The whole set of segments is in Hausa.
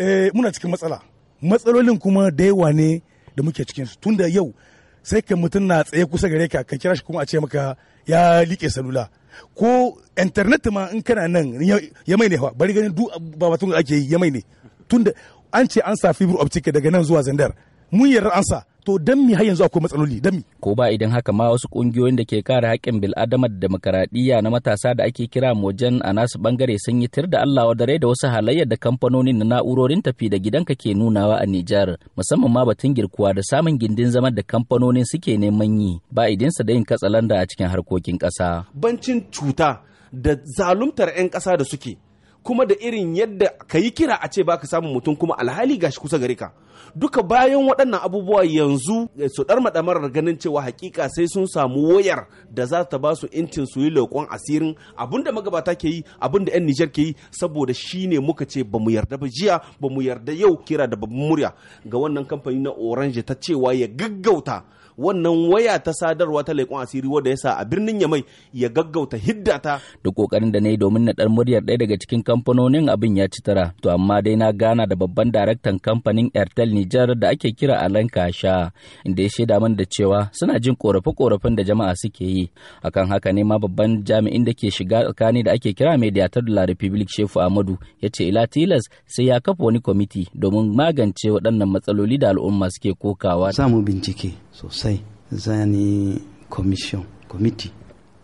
Eh, muna cikin matsala matsalolin kuma da yawa ne da muke cikin su tunda yau sai ka mutum na tsaye kusa gare ka ka kira shi kuma a ce maka ya liƙe salula ko internet ma in kana nan ya mai ne fa bari ganin duk ba batun ake yi ya mai ne tunda an ce an sa fibro optic daga nan zuwa zandar mun yarda an sa to dan mi har yanzu akwai matsaloli dan mi ko ba idan haka ma wasu kungiyoyin da ke kare haƙƙin bil'adama da demokaradiyya na matasa da ake kira mojan a nasu bangare sun yi tir da Allah wa dare da wasu halayyar da kamfanonin na na'urorin tafi da gidanka ke nunawa a Nijar musamman ma batun girkuwa da samun gindin zaman da kamfanonin suke neman yi ba idan sa da yin katsalanda a cikin harkokin ƙasa bancin cuta da zaluntar 'yan ƙasa da suke kuma da irin yadda ka yi kira a ce baka samun mutum kuma alhali gashi kusa gare ka duka bayan waɗannan abubuwa yanzu eh, su ɗar maɗamarar ganin cewa hakika sai sun samu wayar da za ta ba su intin su yi leƙon asirin abin da magabata ke yi abin da 'yan nijar ke yi saboda shi ne muka ce ba mu yarda ba jiya ba mu yarda yau kira da babban murya ga wannan kamfani na orange ta cewa ya gaggauta wannan waya ta sadarwa ta laikon asiri wanda ya sa a birnin yamai ya gaggauta hiddata da kokarin da na yi domin na ɗan muryar ɗaya daga cikin kamfanonin abin ya ci tara to amma dai na gana da babban daraktan kamfanin airtel nijar da ake kira alan kasha inda ya shaida min da cewa suna jin korafe korafen da jama'a suke yi akan haka ne ma babban jami'in da ke shiga tsakani da ake kira mediator de la republic shefu ahmadu ya ce ila tilas sai ya kafa wani kwamiti domin magance waɗannan matsaloli da al'umma suke kokawa samu bincike sosai zani commission committee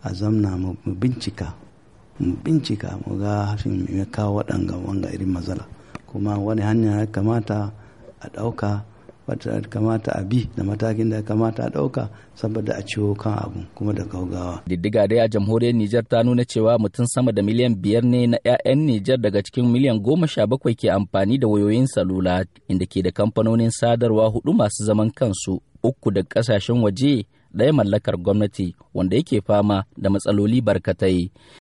a zamna mu bincika mu bincika mu ga harshen mai kawo waɗanga wanga irin matsala kuma wani hanya ya kamata a ɗauka wata kamata a bi da matakin da kamata a ɗauka saboda a ciwo kan abu kuma da gaugawa. Diddiga dai a jamhuriyar Nijar ta nuna cewa mutum sama da miliyan biyar ne na 'ya'yan Nijar daga cikin miliyan goma sha bakwai ke amfani da wayoyin salula inda ke da kamfanonin sadarwa hudu masu zaman kansu uku da kasashen waje ɗaya mallakar gwamnati wanda yake fama da matsaloli barkatai